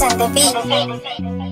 beat.